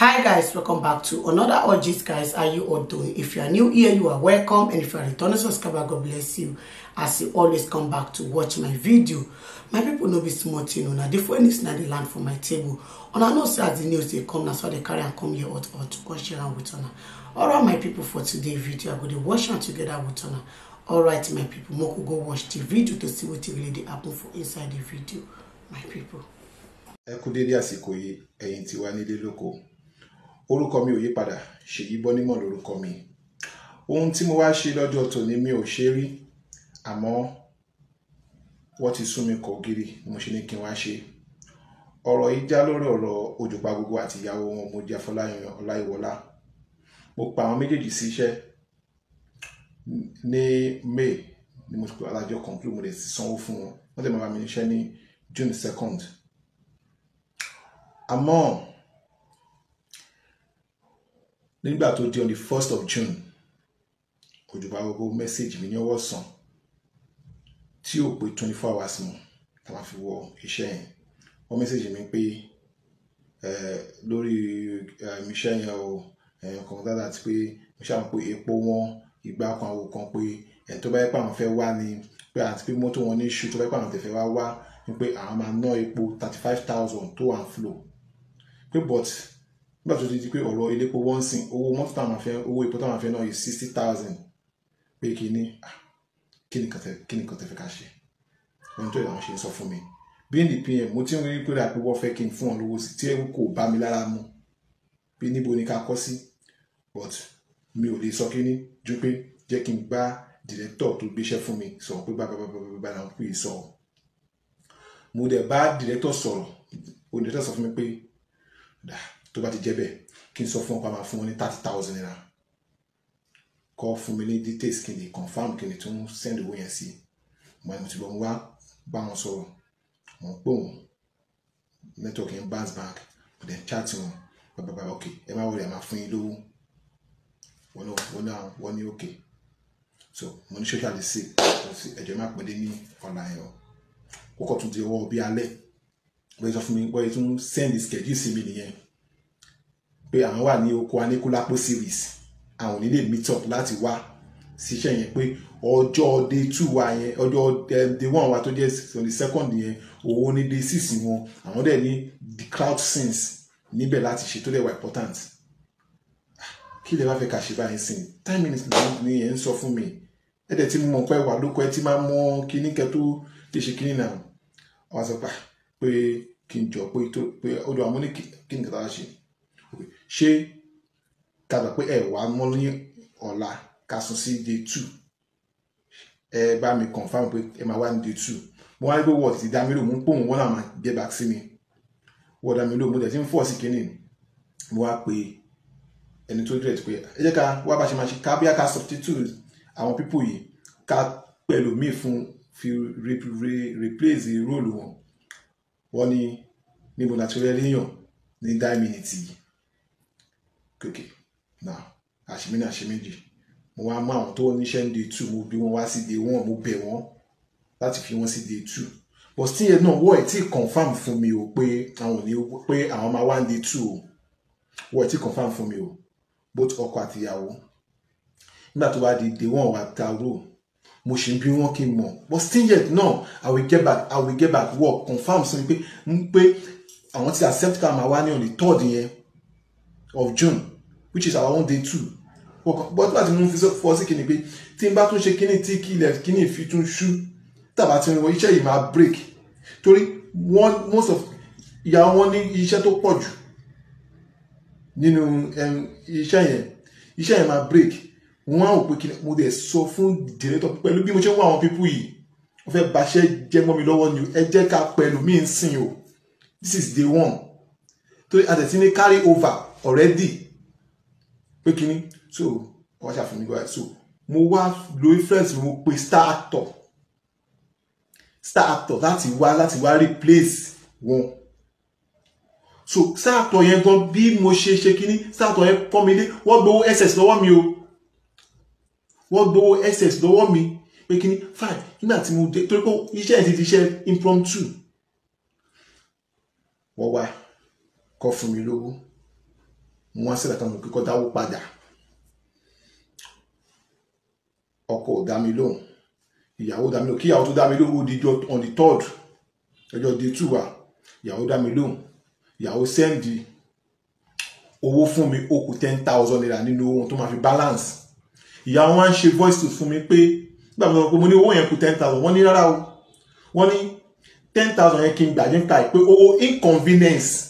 hi guys welcome back to another orgies guys are you all doing if you are new here you are welcome and if you are returning subscriber god bless you as you always come back to watch my video my people no be small thing una the phone is not the land for my table una know say as the news they come na so they carry and come here hot hot come share am with una all right my people for today video i going to watch am together with una all right my people make go watch the video to see wetin really dey happen for inside the video my people. ẹ kú dédé àsìkò yìí ẹ̀yin tiwa nílé lóko orúkọ mi ò yí padà Ṣèyí Bọ́nímọ̀ lórúkọ mi ohun tí mo wá ṣe lọ́jọ́ tòní mi ò ṣe rí àmọ́ wọ́n ti sún mi kọ̀ gírí mo ṣe ní kí n wá ṣe ọ̀rọ̀ yìí já lórí ọ̀rọ̀ Òjùpá Gogo àti ìyàwó wọn mo jẹ́ Fọláyan Ọláìwọlá mo pa àwọn méjèèjì sí iṣẹ́ ní May ni mo kọ alájọ conclude mo lè sanwó fún wọn wọ́n tẹ̀ máa bá mi níṣẹ́ ní June second àmọ́ nígbà tó di on the first of June òjòba gbogbo mẹ́sẹ̀gì mi ní ọwọ́ sàn tí ò pé twenty four hours mọ̀ tá a fi wọ iṣẹ́ yẹn wọ́n mẹ́sẹ̀gì mi pé lórí iṣẹ́ yẹn o kọ̀ǹtà àti pé mo ṣàwọn pé epo wọn ìgbà kan àwọn kan pé ẹ̀ tó bá yẹ pé àwọn fẹ́ wá ni pé àti pé mọ́tò wọn ní ṣú tó bá yẹ pé àwọn tẹ̀fẹ́ wá wá ni pé àwọn máa ná epo thirty five thousand tó wà ń flow pé but nígbà tó ti di pé ọ̀rọ̀ iléepo wọ́n sìn owó mọ́tò táwọn afẹ́ owó epo táwọn afẹ́ náà yìí sixty thousand pé kí ni kí ni kan tẹ fẹ́ ká ṣe ohun tó yẹ àwọn ṣe ń sọ fún mi being the pm mo ti ń rí pé àpò wọ́n fẹ́ kí n fún ọ lówó sí tí ẹ kò bá mi lára mu pé níbo ni ká kọ́ sí but mi ò lè sọ kí ni ju pé jẹ́ kí n gbá director tó gbéṣẹ́ fún mi sọ pé bá bá bá bá bá náà pè é sọ mo dẹ̀ bá director sọ̀rọ̀ tó bá ti jẹ́ bẹ́ẹ̀ kí n sọ fún ọ pa máa fún ọ ní thirty thousand naira kọ́ fún mi ní details kí n lè confam kí n lè tún send owó yẹn sí mo ní mo ti lọ wá bá wọn sọ̀rọ̀ mo ń pè wọ́n network yẹn bounce back mo dẹ̀ ń chat wọn bàbàbà ok ẹ má wọlé ẹ má fún yín lówó wọn náà wọn náà wọn ní ok so mo ní social distance ẹ̀jẹ̀ má pẹ́ dé ní ọ̀la yẹn o kókò tún ti ọwọ́ bí alẹ́ wọ́n sọ fún mi wọ́n tún send schedule sí mi nìyẹn pé àwọn wà ní oko aníkúlápó series àwọn ò ní meet up láti wá ṣiṣẹ́ yẹn pé ọjọ́ day two wa yẹn ọjọ́ eh, day one wa tó jẹ́ the second yẹn owó ní day six wọn àwọn dẹ̀ ní the crowd scenes níbẹ̀ láti ṣe tó dẹ̀ wà important kí lè bá fẹ́ kà ṣe báyìí sìn ten minutes ni ẹ̀ ń sọ fún mi ẹ̀ dẹ̀ tí mo mọ̀ pé wà lóko ẹ̀ tí máa mọ kíní kẹ́ tó lè ṣe kíní náà wọ́n sọ ah, pé kí n jọ pé ó dọ̀ àmọ́ ní kíní kẹ́ta ṣe ṣé ká gbà pé ẹ wàá mọ́ ní ọ̀la ká sún sí day two ẹ bá mi confam pé ẹ máa wá ní day two mo wá ní pé wọ́ọ̀tì dá mi lò mú pòun wọ́n náà máa get back sí mi wọ́ọ̀ dá mi lò mo dẹ̀ ti ń fọ̀ sí kínní mo wá pe ẹni tó dẹ̀ pé ẹ jẹ́ ká wá bá ṣe máa ṣe ká bí a ká substitute àwọn pípò yìí ká pẹ̀lú míì fún fi replace róòlù wọn wọ́n ní níbo la ti rẹ́ léèyàn ní nine minutes yìí kòkè náà àṣemí ní àṣemẹ́jì mo wá mú àwọn tó níṣẹ́ ní day two mo bí wọn wá sí day one mo bẹ̀ wọ́n láti fi wọ́n sí day two but tí yẹn náà wọ́n ẹ̀ tí confam fún mi o pé àwọn ò ní pé àwọn máa wá ní day two o wọ́n ẹ̀ tí confam fún mi o both ọkọ àti ìyàwó nígbà tó wá di day one wá ta ró mo ṣe ń bí wọn kí n mọ but still yet náà i will get back i will get back work confam sí mi pé n pé àwọn ti accept ká máa wá ní on the third yẹn of June which is our own day two but láti mú fọ sí kíni pé tí n bá tún ṣe kíni tí kí ilẹ̀ kíni fi tún ṣú tàbá tí wọn iṣẹ́ yìí máa break torí one most of ìyá wọn ní iṣẹ́ tó pọ̀ jù nínú iṣẹ́ yẹn iṣẹ́ yẹn máa break wọ́n á wò pé kíni mo dẹ̀ sọ fún director pẹ̀lú bí mo ṣe ń wá àwọn pípú yìí wọ́n fẹ́ bàṣẹ́ jẹ́ mọ́ mi lọ́wọ́ ni ẹ jẹ́ ká pẹ̀lú mí ń sìn o this is day one tó àtẹ̀tí ní carry over already pé kíní so wọ́n ṣàfihàn nígbà so mo wá lo reference mo pe star actor star actor láti wá láti wá replace wọn so star actor yẹn gan bí mo ṣe ṣe kíní star actor yẹn pọ́n mi lé wọ́n gbowó ss lọ́wọ́ mi o wọ́n gbowó ss lọ́wọ́ mi pé kíní fine nígbà tí mo dé torí pé iṣẹ́ ẹ̀ ti di iṣẹ́ impromptu wọ́n wá kọ́ fún mi lówó mo wá sílẹ̀ kan mo kíkọ́ dáwó padà ọkọ ò dá mi lóhùn ìyàwó dá mi lóhùn kí ìyàwó tó dá mi lóhùn ó on the third ọjọ́ di two wa ìyàwó dá mi lóhùn ìyàwó sẹ́ndì owó fún mi ó ten thousand naira nínú ohun tó máa fi balance ìyàwó wa ń ṣe voice note fún mi pé nígbà tó sọ pé mo ní owó yẹn kù ten thousand wọ́n ní rárá o wọ́n ní ten thousand yẹn kí n gbà ní ká pé owó inconvenience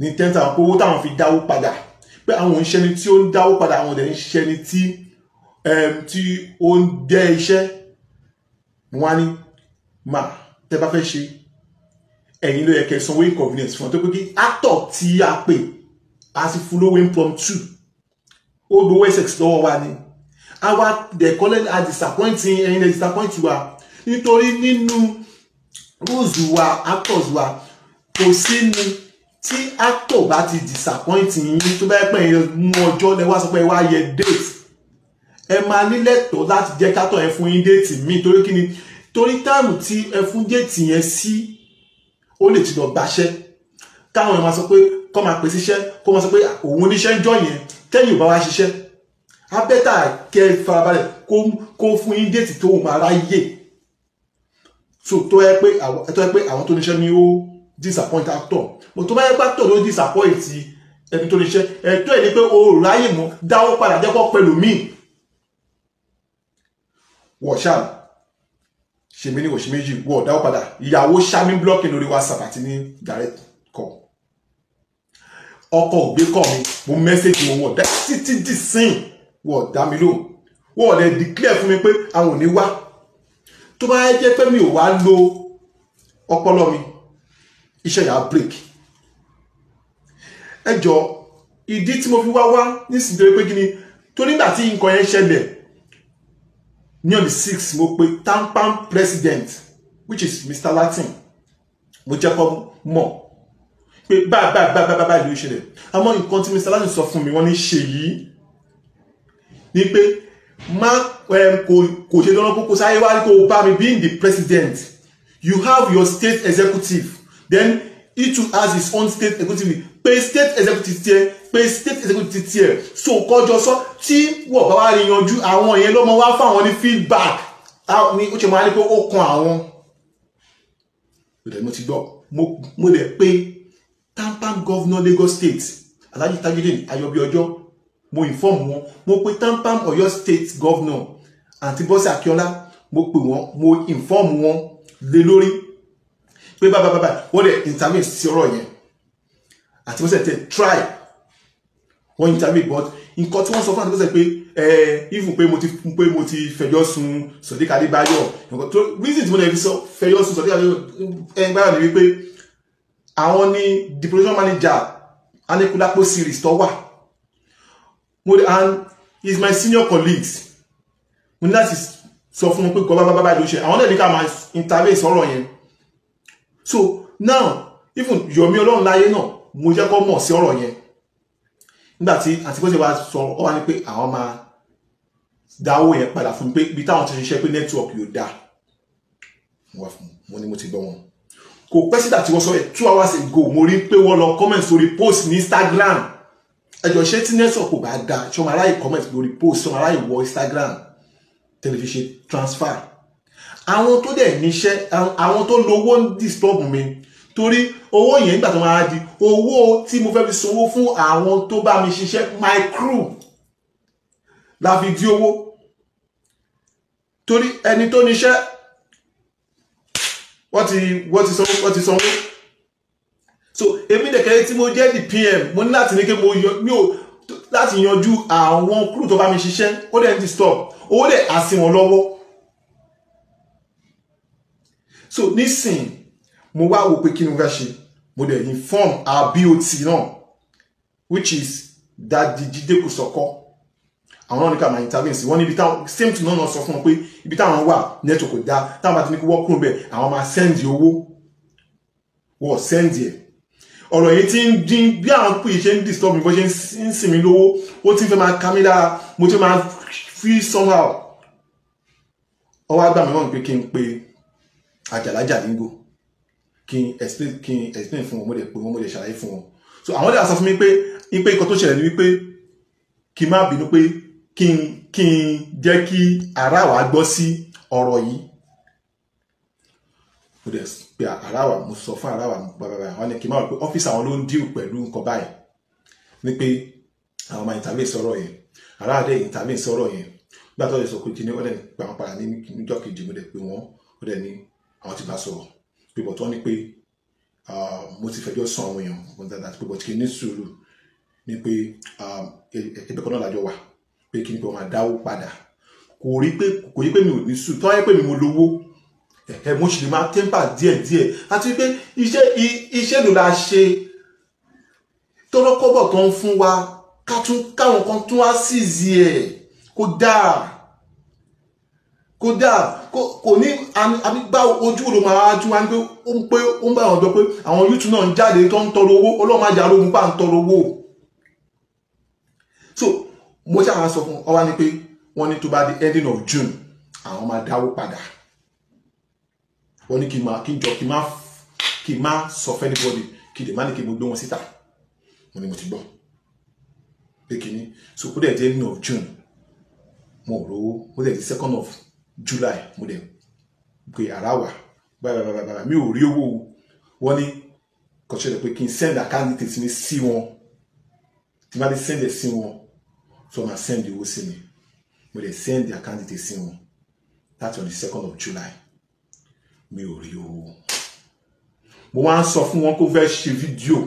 ní ten pé owó táwọn fi dáwó padà pé àwọn òṣìṣẹ́ ni tí ó ń dáwó padà àwọn òdẹ̀ ń ṣiṣẹ́ ni tí tí ó ń jẹ́ iṣẹ́ wọn á ní mà tẹ bá fẹ́ ṣe ẹ̀yin ló yẹ kẹ́ sanwó inconvenience fún ọ tó pé kí actor tí a pè á sì fún lówó impromptu ó gbowó essex lọ́wọ́ wa ni àwa the calling a disappointing ẹ̀yin the disappointing wa nítorí nínú rules wa actors wa kò sí ni tí actor bá ti disappoint yín tó bá pẹ́ mú ọjọ́ lẹ wá sọ pé wá yẹ date ẹ máa nílẹ̀tọ́ láti jẹ́ kátọ̀ ẹ fún yín déètì míì torí kí ni torí táàmù tí ẹ fún déètì yẹn sí ó lè ti lọ gbaṣẹ́ káwọn ẹ máa sọ pé kọ́ máa pèsè iṣẹ́ kó máa sọ pé òun oníṣẹ́ ń jọ yẹn kẹ́yìn ò bá wá ṣiṣẹ́ abẹ́tà kẹ́ ẹ farabalẹ̀ kó fún yín déètì tó máa ráyè tó ẹ pé àwọn tó níṣẹ́ ni ó. So, disappoint actor mo tó bá yẹ pé actor ló disappoint ẹni tó lè ṣe ẹ̀tọ́ ẹ̀ ni pé o ráyè mọ́ dáwọ́ padà jẹ́kọ́ pẹ̀lú míì wọ̀ ṣáà ṣe mí ní oṣù méjì wọ̀ dáwọ́ padà ìyàwó ṣáà ní blọ́ọ̀kì lórí whatsapp àti ní direct call ọkọ ògbé kọ mi mo mẹ́sẹ̀gì wọn wọ̀ dá títí dì sín wọ̀ dá mi lóhùn wọ̀ lẹ̀ declare fún mi pé àwọn ò ní wá tó bá yẹ jẹ́ pé mi ò wá lo ọpọlọ mi iṣẹ́ yà á break ẹ jọ ìdí tí mo fi wá wá nísìnyí torí pé kí ni torí nígbà tí nǹkan yẹn ṣẹlẹ̀ ní on six mo pe tampan president which is Mr. Latin mo jẹ́ kó mọ̀ pé báyìí báyìí báyìí báyìí ló ṣẹlẹ̀ àmọ́ nǹkan tí Mr. Latin sọ fún mi wọ́n ní ṣe yìí ni pé má kò ṣe dandan kó kó sáyé wá kó o bá mi being the president you have your state executive then he too has his own state executive pé state executive tiẹ̀ pé state executive tiẹ̀ so kọjọ sọ tí wọ́n bá wá rí yanjú àwọn yẹn lọ́mọ wá fáwọn ní feedback ni ó ṣe máa ní pé ó kan àwọn mo ti gbọ́ mo lè pe tampan governor Lagos State Alhaji Tajudeen Ayọ̀bíọ́jọ́ mo inform wọn mo pe tampan Ọ̀yọ́ State governor àti Bọ́sẹ̀ Akíọ́lá mo pe wọn mo inform wọn lé lórí pé bá bá bá bá wọ́n dẹ̀ intervene sí ọ̀rọ̀ yẹn àti wọ́n sẹ̀ tẹ̀ try wọ́n intervene but nǹkan tí wọ́n sọ fún àti wọ́n sẹ̀ pé eh, even pé mo ti pé mo ti fẹjọ́ sun Sodiq Adébáyọ̀ nǹkan tó reason tí mo lè fi sọ fẹjọ́ sun Sodiq eh, Adébáyọ̀ ni wípé àwọn ni the production manager Anikulapo series tó wà and he's my senior colleagues mo ní láti sọ fún wọn pé kọ́ bá bá bá ló ṣe àwọn náà ní ká máa intervene sọ̀rọ̀ yẹn so now even yomi ọlọ́run láyé náà mo jẹ́ kó mọ̀ sí ọ̀rọ̀ yẹn nígbà tí àti bó ṣe wá sọ ọ wá ní pé àwọn máa dáwó yẹn padà fún mi pé ibi táwọn ti ṣiṣẹ́ pé network yóò dáa mo ní mo ti gbọ́ wọn kò pẹ́ sígbà tí wọ́n sọ ẹ̀ two hours ago mo rí pé wọ́n lọ comment sórí post ní Instagram ẹjọ́ ṣé tí network kò bá dáa ṣọmọ aráyè comment lórí post ṣọmọ aráyè wọ Instagram tẹlifíṣe transfer àwọn tó dẹ̀ níṣẹ́ àwọn tó lówó ń disturb mi torí owó yẹn nígbà tó máa di owó tí mo fẹ́ fi sanwó fún àwọn tó bá mi ṣiṣẹ́ my crew la fi di owó torí ẹni tó níṣẹ́ wọ́n ti wọ́n ti sanwó wọ́n ti sanwó so èmi dẹ̀kẹ́rẹ́ tí mo jẹ́ the pm mo ní láti ní kí mo yọ mi ò láti yanjú àwọn crew tó bá mi ṣiṣẹ́ ó dẹ̀ ń disturb owó dẹ̀ àsìwọ̀n lọ́wọ́ so nísìn mo wá wò pé kí ni mo fẹ́ mo dẹ̀ inform our BOT náà which is Daddy Jídé Kòsọ́kọ́ àwọn náà ní ká máa intervene sí wọn níbi táwọn same thing no sọ fún wọn pé ibi táwọn wà network kò dáa táwọn bá ti ní kí wọ́n kúrò bẹ́ẹ̀ àwọn máa send owó wọ́n send yẹn ọ̀rọ̀ yìí ti ń dín bí àwọn pè ṣe ń disturb mi bó ṣe ń sìn mí lówó ó ti ń fẹ́ máa ka mo ti máa fi somehow ọwọ́ àgbà mi wọ́n pé kí pe àjàlájàdíngò kí n explain kí n explain fún wọn mo lè pè wọn mo lè ṣàlàyé fún wọn so àwọn dẹ̀ sọ fún mi pé ipe nǹkan tó ṣẹlẹ̀ ni wípé kí n má bínú pé kí n kí n jẹ́ kí ara wa gbọ́ sí ọ̀rọ̀ yìí mo dẹ̀ pe ara wa mo sọ fún ara wa mo bá bàbá wọn ni kí n má wọ pé ọ́fíìsì àwọn ló ń díù pẹ̀lú nǹkan báyìí ni pé àwọn máa intervene sọ̀rọ̀ yẹn ara àdé intervene sọ̀rọ̀ yẹn gbàtọ́ ìsọkùnjì ni wọ́n dẹ̀ gbà ní níjọ́ kejì mo dẹ̀ pé wọ́n ó dẹ̀ ní àwọn ti bá sọ̀rọ̀ pípọ̀ tó ní pé mo ti fẹjọ́ sùn àwọn èèyàn mo dáadáa ti pípọ̀ tí kì í ní sùúrù ni pé ẹgbẹ́ kan náà lájọ wà pé kí ni pé wọ́n máa dáwó padà kò rí pé kò rí pé mi ò ní sùúrù tó wáyé pé mi mo lówó ẹ mo sì lè máa tẹ́ńpà díẹ̀díẹ̀ àti pé iṣẹ́ iṣẹ́ ló la ṣe tọ́lọ́kọ́bọ̀ tó ń fún wa káwọn kan tún wá sí ìzì ẹ̀ kó dáa kódà kò ní àbígbá ojú ló máa tún wá pé ó ń pé ó ń bá àwọn ọjọ́ pé àwọn YouTube náà ń jáde tó ń tọrọ owó ọlọ́run ajá lógun bá ń tọrọ owó so mo ṣáà sọ fún ọ wá ní pé wọ́n ní tó bá di ending of June àwọn máa dáwó padà wọ́n ní kí n máa kí n jọ kí n máa kí n máa sọ fún anybody kí n lè má ní kí n mo gbé wọn síta mo ní mo ti gbọ́ pé kínní so kó dẹ̀ di ending of June mo rò ó kó dẹ̀ di second of july mo dẹ̀ pé ara wà báyìí báyìí báyìí mi ò rí owó wọn ní kò ṣẹlẹ̀ pé kí n send account details mi sí wọn tí bá lè send ẹ̀ sí wọn so ma send owó sí mi mo dẹ̀ send account details sí wọn that's on the second of july mi ò rí owó mo wá ń sọ fún wọn kó fẹ́ ṣe fídíò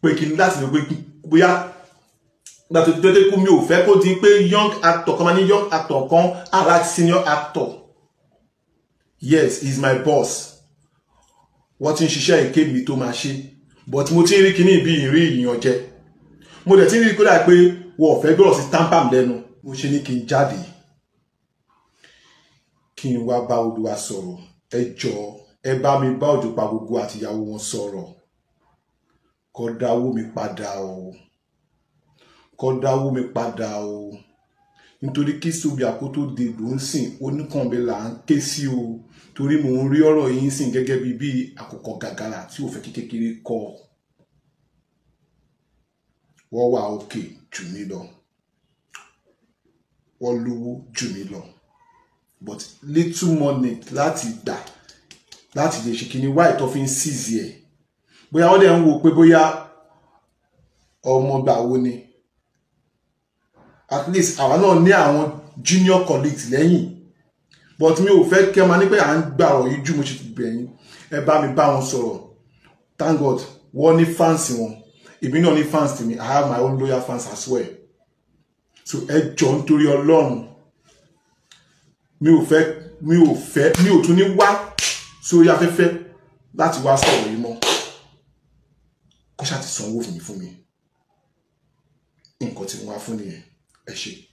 pé kí n láti lè pé bóyá gba tó tó kú mi ò fẹ́ kó di pé young actor kan máa ní young actor kan like senior actor yes he's my boss wọ́n ti ń ṣiṣẹ́ èké mi tó máa ṣe but mo ti ń rí kíní bí ìrí ìyàn jẹ mo dẹ̀ ti ń rí kódà pé wọ́n ò fẹ́ gbọ́dọ̀ sí tampam lẹ́nu mo ṣe ní kí n jáde kí n wá bá olúwa sọ̀rọ̀ ẹ jọ ẹ bá mi bá Òjòpá gbogbo àtìyàwó wọn sọ̀rọ̀ kọ́ dáwó mi padà o kọ́ dáwó mi padà o nítorí kí sobia kó tó dègbò ń sìn oníkànbẹ là ń ké sí o torí mò ń rí ọ̀rọ̀ yìí ń sìn gẹ́gẹ́ bí bí àkókò gàgàrà tí ò kékeré kọ́ wọ́n wà òkè jù mí lọ wọ́n lówó jù mí lọ but little money láti gbà láti lè ṣe kíni wáì tó fi ń ṣìzì ẹ̀ bóyá wọ́n dẹ̀ ń wò pé bóyá ọmọ gbà wo ni at least àwa náà ní àwọn junior colleagues lẹ́yìn but mi ò fẹ́ kẹ́ máa ní pé à ń gbà ọ̀rọ̀ yìí jù mo ṣe ti bẹ̀ yín ẹ bá mi bá wọn sọ̀rọ̀ thank God wọ́n ní fans wọn èmi náà ní fans tèmi I have my own loyal fans as well so ẹ jọ nítorí Ọlọ́run mi ò fẹ́ mi ò fẹ́ mi ò tún ní wá sórí afẹ́fẹ́ láti wá sọ̀rọ̀ yìí mọ́ kọ́ṣà ti sanwó fún mi fún mi nǹkan tí mo wá fún nìyẹn. and she